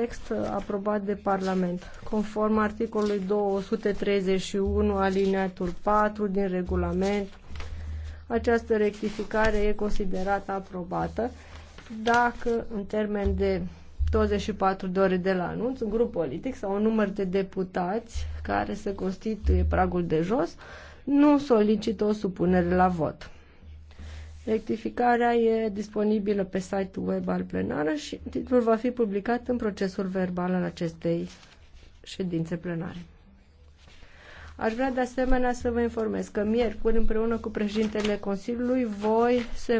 text aprobat de Parlament, conform articolului 231 alineatul 4 din regulament. Această rectificare e considerată aprobată dacă în termen de 24 de ore de la anunț, un grup politic sau un număr de deputați care se constituie pragul de jos nu solicită o supunere la vot. Rectificarea e disponibilă pe site-ul web al plenară și titlul va fi publicat în procesul verbal al acestei ședințe plenare. Aș vrea de asemenea să vă informez că miercuri, împreună cu președintele Consiliului, voi se